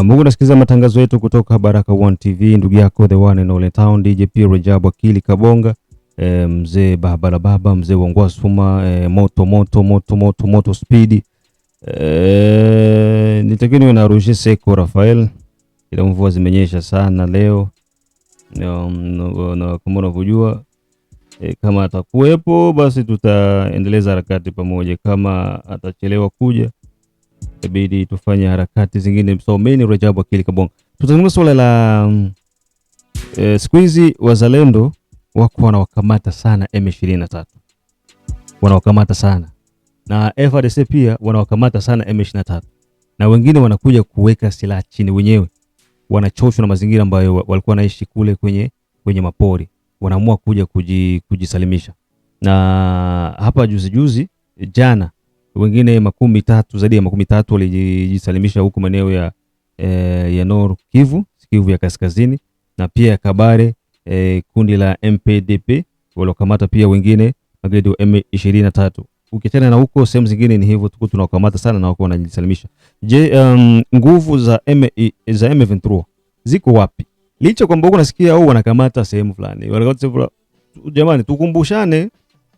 Na Mungu nasikiliza matangazo yetu kutoka Baraka One TV, ndugu yako the one and only town DJ P Akili Kabonga, e, mzee baba baba, mzee wa Sfuma e, eh, moto moto moto moto moto speed. E, eh, nitakiwa na Roger Seko Rafael, ila mvua zimenyesha sana leo na kama unavyojua e, kama atakuwepo basi tutaendeleza harakati pamoja, kama atachelewa kuja Inabidi tufanye harakati zingine. Msomeni Rajabu Akili Kabongo, Tutazungumza swala la e, siku hizi wazalendo wako wanawakamata sana M23. Wanawakamata sana. Na FARDC pia wanawakamata sana M23. Na wengine wanakuja kuweka silaha chini wenyewe. Wanachoshwa na mazingira ambayo walikuwa wanaishi kule kwenye kwenye mapori. Wanaamua kuja kujisalimisha. Na hapa juzi juzi jana wengine makumi tatu zaidi ya makumi tatu walijisalimisha huko maeneo ya, eh, ya Nord Kivu, Kivu ya kaskazini na pia Kabare eh, kundi la MPDP waliokamata pia wengine magaidi wa M23. Ukitana na huko sehemu zingine ni hivyo tuko tunakamata sana na wako wanajisalimisha. Je, um, nguvu za M za M23 ziko wapi? Licho kwamba huko nasikia au wanakamata sehemu fulani. Wanakamata Jamani, tukumbushane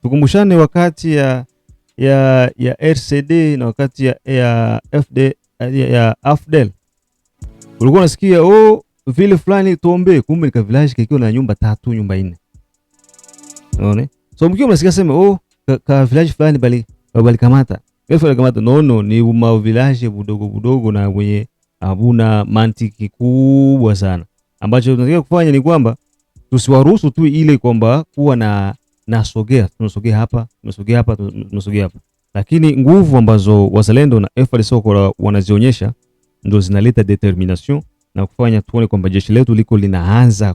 tukumbushane wakati ya uh, ya, ya RCD na wakati ya, ya, FD, ya, ya AFDEL ulikuwa unasikia o oh, vile fulani tuombe, kumbe ni kavilaji kikiwa na nyumba tatu nyumba nne, unaona. So mkiwa mnasikia sema o oh, ka, kavilaji fulani bali bali kamata bali kamata, no no, ni mavilaji budogo budogo na mwenye abuna mantiki kubwa sana. Ambacho tunataka kufanya ni kwamba tusiwaruhusu tu ile kwamba kuwa na nasogea, tunasogea hapa, tunasogea hapa, tunasogea hapa, lakini nguvu ambazo wazalendo na FARDC Sokola wanazionyesha ndio zinaleta determination na kufanya tuone kwamba jeshi letu liko linaanza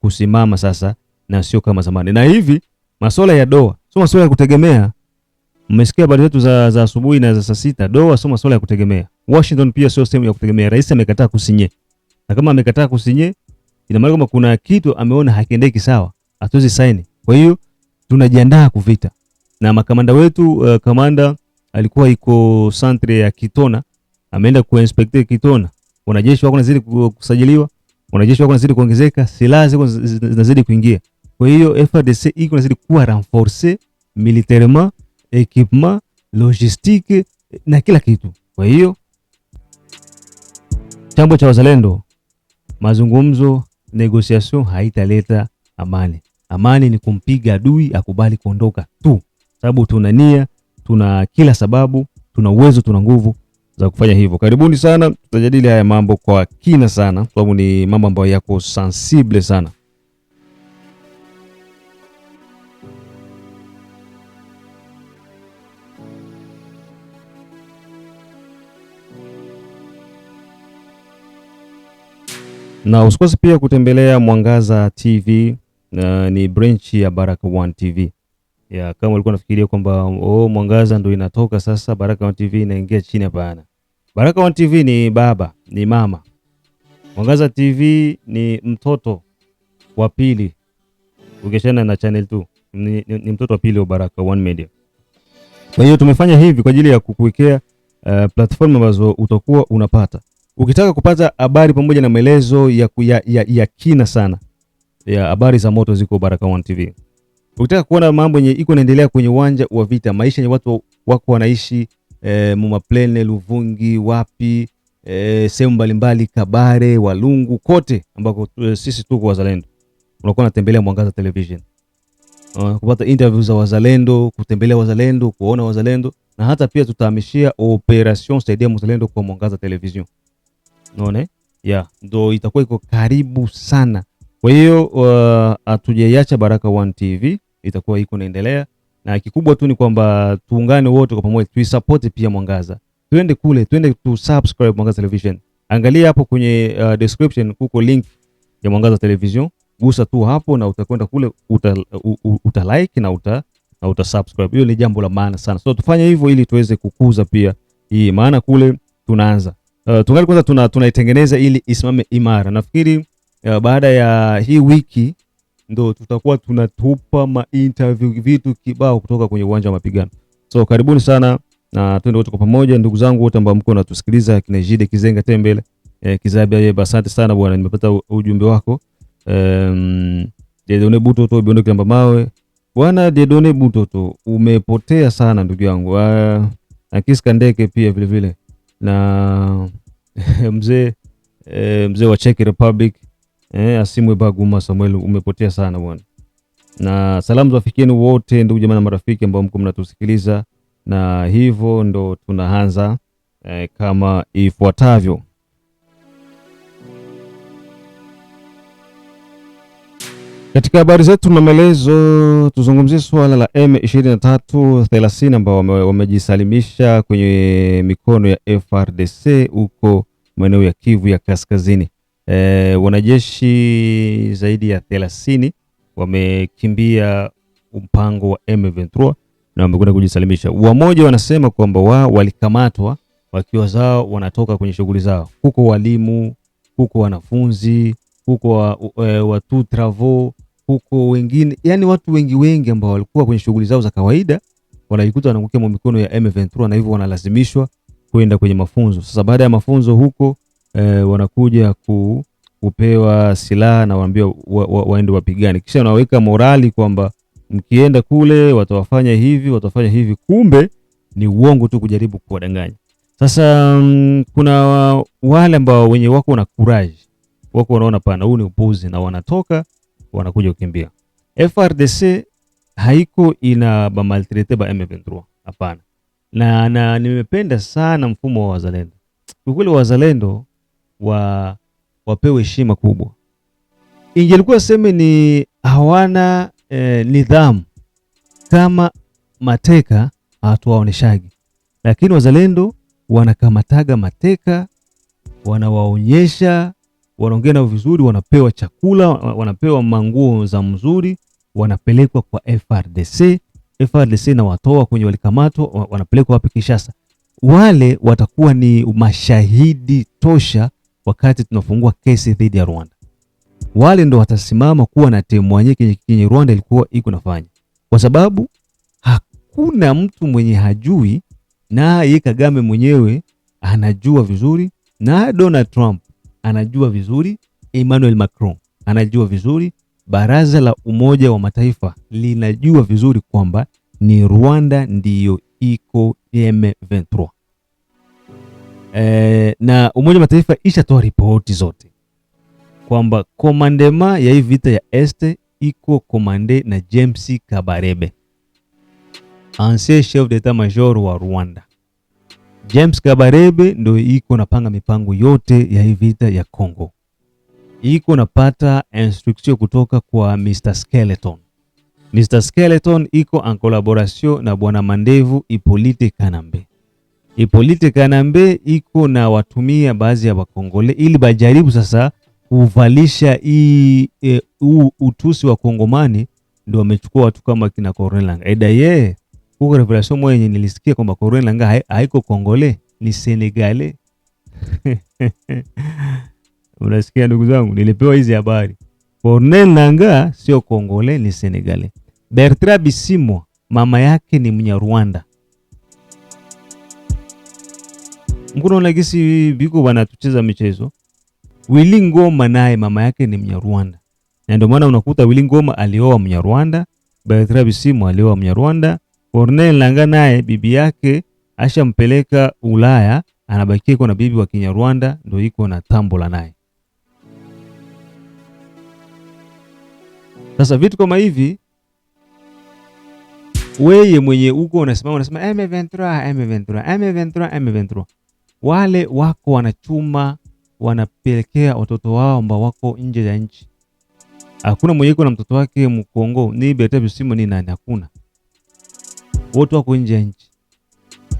kusimama sasa na sio kama zamani. Na hivi masuala ya doa sio masuala ya kutegemea. Mmesikia habari zetu za, za asubuhi na za saa sita. Doa sio masuala ya kutegemea. Washington pia sio sehemu ya kutegemea. Rais amekataa kusinye, na kama amekataa kusinye, ina maana kwamba kuna kitu ameona hakiendeki sawa, hatuwezi saini kwa hiyo tunajiandaa kuvita na makamanda wetu. Uh, kamanda alikuwa iko santre ya Kitona, ameenda kuinspekte Kitona. Wanajeshi wako nazidi kusajiliwa, wanajeshi wako nazidi kuongezeka, silaha ziko zinazidi kuingia. Kwa hiyo FARDC iko nazidi kuwa renforce militairement, equipement, logistique eh, na kila kitu. Kwa hiyo chambo cha wazalendo, mazungumzo, negotiation haitaleta amani. Amani ni kumpiga adui akubali kuondoka tu, sababu tuna nia, tuna kila sababu, tuna uwezo, tuna nguvu za kufanya hivyo. Karibuni sana, tutajadili haya mambo kwa kina sana, sababu ni mambo ambayo yako sensible sana. Na usikose pia kutembelea Mwangaza TV na ni branch ya Baraka One TV. Ya, kama ulikuwa unafikiria kwamba oh, Mwangaza ndio inatoka sasa Baraka One TV inaingia chini, hapana. Baraka One TV ni baba, ni mama. Mwangaza TV ni mtoto wa pili ukishana na channel 2 ni, ni, ni mtoto wa pili wa Baraka One Media. Kwa hiyo tumefanya hivi kwa ajili ya kukuwekea uh, platform ambazo utakuwa unapata ukitaka kupata habari pamoja na maelezo ya, ya, ya, ya kina sana ya habari za moto ziko baraka One TV. Ukitaka kuona mambo yenye iko naendelea kwenye uwanja wa vita, maisha yenye watu wako wanaishi e, eh, Mumaplene, Luvungi, wapi e, sehemu mbalimbali, Kabare, Walungu, kote ambako e, sisi tuko wazalendo, unakuwa natembelea Mwangaza Television uh, kupata interview za wazalendo, kutembelea wazalendo, kuona wazalendo na hata pia tutahamishia operation saidia mzalendo kwa Mwangaza Television. Unaona? Yeah, ndio itakuwa iko karibu sana kwa hiyo uh, hatujaiacha Baraka One TV itakuwa iko naendelea, na kikubwa tu ni kwamba tuungane wote kwa pamoja, tuisupport pia Mwangaza, twende kule, twende tu subscribe Mwangaza Television. Angalia hapo kwenye uh, description kuko link ya Mwangaza Television, gusa tu hapo na utakwenda kule uta, u, u, uta like na uta na uta subscribe. Hiyo ni jambo la maana sana, so tufanye hivyo ili tuweze kukuza pia hii maana, kule tunaanza uh, tungali kwanza tunaitengeneza tuna ili isimame imara, nafikiri ya baada ya hii wiki ndo tutakuwa tunatupa ma interview vitu kibao kutoka kwenye uwanja wa mapigano. So karibuni sana na twende wote kwa pamoja, ndugu zangu wote ambao mko natusikiliza, kina Jide Kizenga Tembele eh, Kizabia yeye asante sana bwana, nimepata ujumbe wako. Um, Dedone Butoto to Biondo Kilamba Mawe bwana, Dedone Butoto umepotea sana ndugu yangu, uh, na Kiska Ndeke pia vile vile na mzee eh, mzee wa Czech Republic eh, asimwe Baguma Samuel, umepotea sana bwana. Na salamu zawafikieni wote ndugu jamaa na marafiki ambao mko mnatusikiliza, na hivyo ndo tunaanza eh, kama ifuatavyo. Katika habari zetu na maelezo, tuzungumzie suala la M23 30 ambao wamejisalimisha kwenye mikono ya frdc huko maeneo ya Kivu ya Kaskazini. E, wanajeshi zaidi ya 30 wamekimbia mpango wa M23 na wamekwenda kujisalimisha. Wamoja wanasema kwamba wao walikamatwa wakiwa zao wanatoka kwenye shughuli zao, huko walimu, huko wanafunzi, huko wa, e, watu travo, huko wengine, yani watu wengi wengi ambao walikuwa kwenye shughuli zao za kawaida wanajikuta wanaangukia mikono ya M23 na hivyo wanalazimishwa kwenda kwenye mafunzo. Sasa baada ya mafunzo huko e, wanakuja ku, kupewa silaha na waambiwa waende wa, wa wapigane, kisha wanaweka morali kwamba mkienda kule watawafanya hivi watawafanya hivi, kumbe ni uongo tu kujaribu kuwadanganya. Sasa m, mm, kuna wale ambao wenye wako na courage wako wanaona pana, huu ni upuzi, na wanatoka wanakuja kukimbia. FRDC haiko ina ba bamaltrete ba M23 hapana, na, na nimependa sana mfumo wa wazalendo kwa kweli, wazalendo wa, wapewe heshima kubwa. Ingelikuwa seme ni hawana eh, nidhamu kama mateka hatuwaoneshagi, lakini wazalendo wanakamataga mateka, wanawaonyesha, wanaongea nao vizuri, wanapewa chakula, wanapewa manguo za mzuri, wanapelekwa kwa FRDC. FRDC na watoa kwenye walikamatwa, wanapelekwa wapi? kishasa Wale watakuwa ni mashahidi tosha wakati tunafungua kesi dhidi ya Rwanda. Wale ndo watasimama kuwa na timu yenyewe yenye Rwanda ilikuwa iko nafanya, kwa sababu hakuna mtu mwenye hajui, na yeye Kagame mwenyewe anajua vizuri, na Donald Trump anajua vizuri, Emmanuel Macron anajua vizuri, baraza la Umoja wa Mataifa linajua vizuri kwamba ni Rwanda ndiyo iko M23 eh, na Umoja wa Mataifa ishatoa ripoti zote kwamba komandema ya hii vita ya este iko komande na James Kabarebe, ancien chef d'etat major wa Rwanda. James Kabarebe ndio iko napanga mipango yote ya hii vita ya Congo, iko napata instruction kutoka kwa Mr. Skeleton. Mr. Skeleton iko en collaboration na bwana Mandevu Ipolite Kanambe Ipolite Kanambe iko na watumia baadhi ya Wakongole ili bajaribu sasa kuvalisha hii e, utusi wa Kongomani, ndio wamechukua watu kama kina Corneille Nangaa. ye huko revelation moja yenye nilisikia kwamba Corneille Nangaa haiko Kongole, ni Senegale. Unasikia ndugu zangu, nilipewa hizi habari. Corneille Nangaa sio Kongole, ni Senegale. Bertrand Bisimwa mama yake ni Mnyarwanda. mkunaona gisi biko banatucheza michezo. Willy Ngoma naye mama yake ni Mnyarwanda, na ndio maana unakuta Willy Ngoma alioa Mnyarwanda, Bertrand Bisimwa alioa Mnyarwanda, Corneille Nangaa naye bibi yake ashampeleka Ulaya, anabakia iko na bibi wa Kinyarwanda, ndio iko na tambola naye. Sasa vitu kama hivi weye mwenye uko unasimama unasema M23 M23 M23 M23 wale wako wanachuma wanapelekea watoto wao ambao wako nje ya nchi. Hakuna mwenye iko na mtoto wake mkongo ni beta visimo ni nani, hakuna. Wote wako nje ya nchi,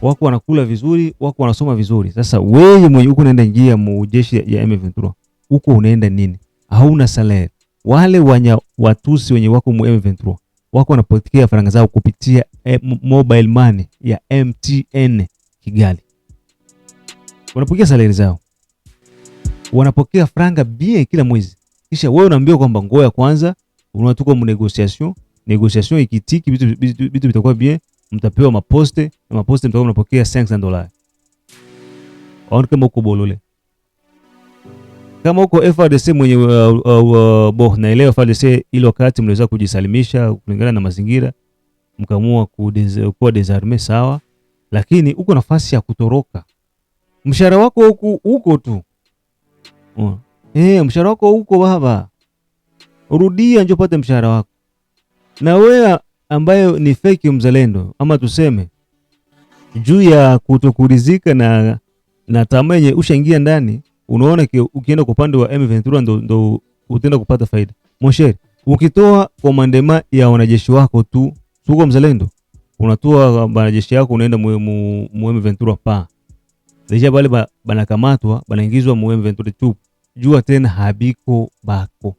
wako wanakula vizuri, wako wanasoma vizuri. Sasa wewe mwenye uko unaenda njia mujeshi ya M23 huko unaenda nini? Hauna salary. Wale wanya watusi wenye wako mu M23 wako wanapotekea faranga zao kupitia e, mobile money ya MTN Kigali wanapokea salari zao, wanapokea franga bien kila mwezi, kisha wewe unaambiwa kwamba ngoja kwanza, unatoka mu negotiation. Negotiation ikitiki, vitu vitakuwa bien, mtapewa maposte na maposte mtakuwa mnapokea 500 dollars. Aone kama uko Bolole, kama uko FARDC mwenye uh, uh, uh, bo na ile FARDC ile wakati mliweza kujisalimisha kulingana na mazingira mkaamua kuwa desarme sawa, lakini uko nafasi ya kutoroka mshahara wako huku huko tu uh. Eh, mshahara wako huko baba, rudia njoo pate mshahara wako. Na wewe ambayo ni fake mzalendo, ama tuseme juu ya kutokuridhika na, na tamaa yenye ushaingia ndani, unaona ukienda kwa upande wa M23 ndo, ndo utenda kupata faida Moshe, ukitoa komandema ya wanajeshi wako tu suko mzalendo, unatoa wanajeshi yako unaenda mu, mu, mu M23 pa Saisha pale ba, banakamatwa banaingizwa mu M23 jua tena habiko bako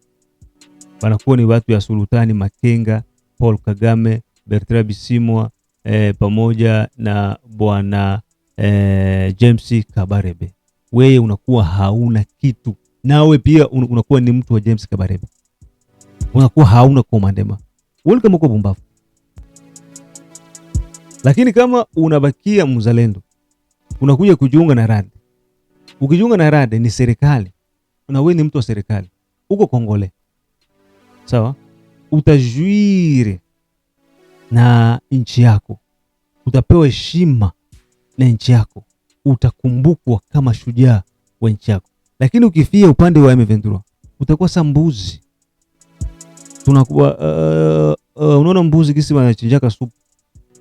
banakuwa ni watu ya Sultani Makenga, Paul Kagame, Bertrand Bisimwa e, pamoja na bwana e, James Kabarebe. Wewe unakuwa hauna kitu, nawe pia un, unakuwa ni mtu wa James Kabarebe, unakuwa hauna komandema. Welcome kwa Bumbafu. Lakini kama unabakia mzalendo unakuja kujiunga na rada. Ukijiunga na rada ni serikali, na wewe ni mtu wa serikali, uko Kongole, sawa? Utajuire na nchi yako, utapewa heshima na nchi yako, utakumbukwa kama shujaa wa nchi yako. Lakini ukifia upande wa M23 utakuwa sa mbuzi, tunakuwa uh, uh, unaona mbuzi kisi wanachinjaka supu,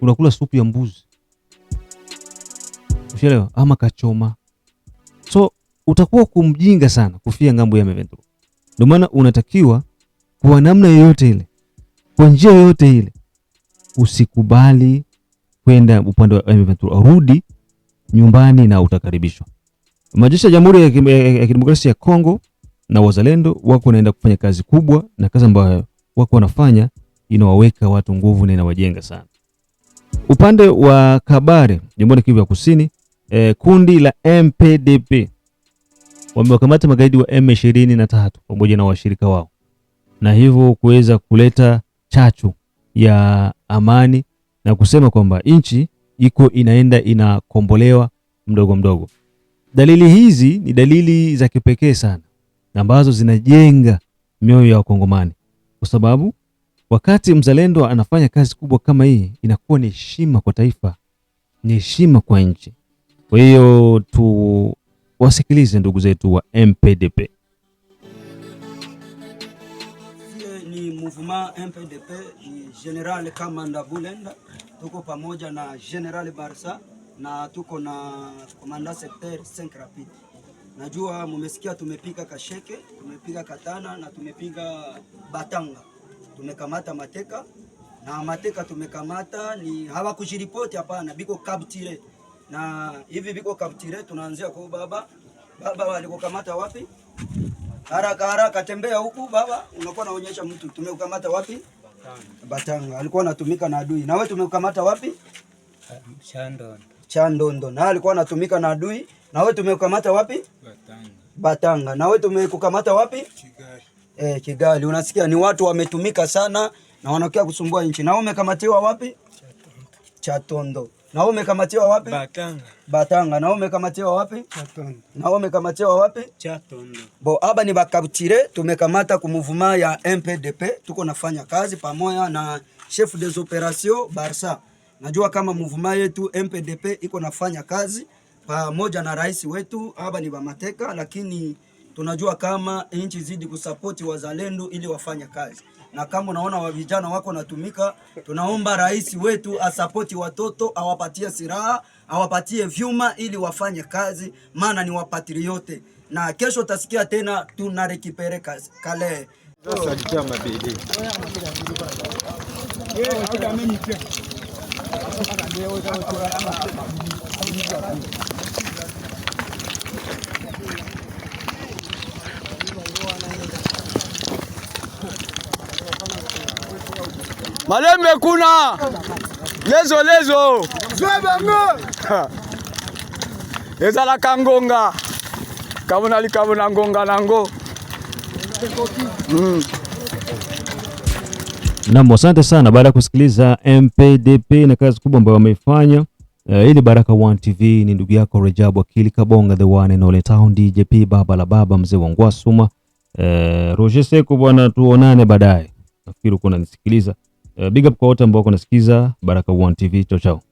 unakula supu ya mbuzi Ushaelewa? Ama kachoma. So utakuwa kumjinga sana kufia ngambo ya Mventura. Ndio maana unatakiwa kwa namna yoyote ile, kwa njia yoyote ile, usikubali kwenda upande wa Mventura. Rudi nyumbani na utakaribishwa. Majeshi ya Jamhuri ya Kidemokrasia ya Kongo na wazalendo wako wanaenda kufanya kazi kubwa, na kazi ambayo wako wanafanya inawaweka watu nguvu na inawajenga sana. Upande wa Kabare, jimboni Kivu ya Kusini, eh, kundi la MPDP wamewakamata magaidi wa M23 pamoja na washirika wao na hivyo kuweza kuleta chachu ya amani na kusema kwamba nchi iko inaenda inakombolewa mdogo mdogo. Dalili hizi ni dalili za kipekee sana ambazo zinajenga mioyo ya Wakongomani, kwa sababu wakati mzalendo anafanya kazi kubwa kama hii, inakuwa ni heshima kwa taifa, ni heshima kwa nchi. Kwa hiyo tuwasikilize ndugu zetu wa MPDP. Ni mouvement MPDP, ni General Kamanda Bulenda, tuko pamoja na General Barsa na tuko na Komanda Secteur 5 Rapid. Najua mumesikia tumepiga Kasheke, tumepiga Katana na tumepiga Batanga, tumekamata mateka na mateka tumekamata ni hawakushiripoti, hapana, biko kabtire na hivi viko kaptire, tunaanzia kwa baba. Baba walikukamata wapi? Haraka haraka, tembea huku baba, unakuwa naonyesha mtu tumekukamata wapi? Batanga. Batanga alikuwa anatumika na adui. Na wewe tumekukamata wapi? Chandondo. Chandondo. Na alikuwa anatumika na adui. Na wewe tumekukamata wapi? Batanga. Batanga. Na wewe tumekukamata wapi? Kigali. Eh, Kigali. Unasikia ni watu wametumika sana na wanakia kusumbua nchi. Na wewe umekamatiwa wapi? Chatondo. Chatondo. Na umekamatiwa wapi? Batanga. Batanga. Na umekamatiwa wapi? Chatondo. Na umekamatiwa wapi? Chatondo. Bo, aba ni bakabutire tumekamata kumuvuma ya MPDP, tuko nafanya kazi pamoja na chef des operations Barsa. Najua kama muvuma yetu MPDP iko nafanya kazi pamoja na rais wetu, aba ni bamateka, lakini tunajua kama nchi zidi kusapoti wazalendo ili wafanya kazi na kama unaona wa vijana wako natumika, tunaomba rais wetu asapoti watoto, awapatie silaha, awapatie vyuma ili wafanye kazi, maana ni wapatriote. Na kesho utasikia tena tunarekipere kale Malembe kuna lezo lezo ezala kangonga kabona likabona ngonga nango mm. Nam, asante sana. Baada ya kusikiliza MPDP na kazi kubwa ambayo wameifanya. Uh, hii ni Baraka One TV, ni ndugu yako Rejabu Akili Kabonga, the one and only town DJP, baba la baba, mzee wa Ngwasuma. Uh, Roger Seko bwana, tuonane baadaye. Nafikiri uko unanisikiliza. Uh, big up kwa wote ambao kunasikiza Baraka1 TV. Chao chao.